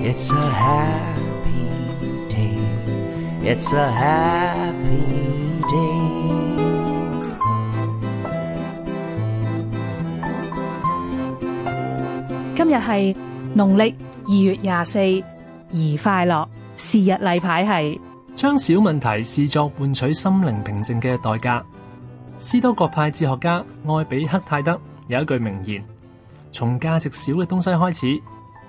It's a happy day, it's a happy day 今日係農曆二月廿四，而快樂。日禮是日例牌係將小問題視作換取心靈平靜嘅代價。斯多葛派哲學家愛比克泰德有一句名言。從價值少嘅東西開始，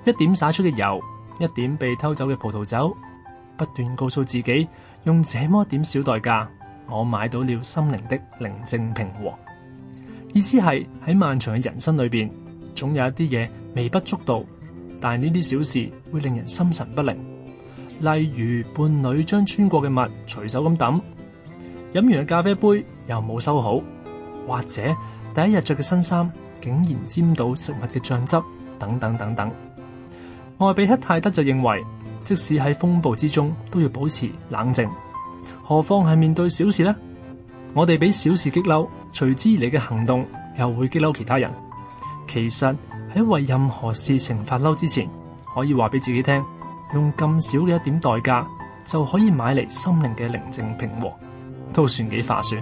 一點灑出嘅油，一點被偷走嘅葡萄酒，不斷告訴自己，用這麼點小代價，我買到了心靈的寧靜平和。意思係喺漫長嘅人生裏邊，總有一啲嘢微不足道，但係呢啲小事會令人心神不寧。例如伴侶將穿過嘅襪隨手咁抌，飲完嘅咖啡杯又冇收好，或者。第一日着嘅新衫竟然沾到食物嘅醬汁，等等等等。愛比克泰德就認為，即使喺風暴之中都要保持冷靜，何況係面對小事呢？我哋俾小事激嬲，隨之而嚟嘅行動又會激嬲其他人。其實喺為任何事情發嬲之前，可以話俾自己聽，用咁少嘅一點代價就可以買嚟心靈嘅寧靜平和，都算幾劃算。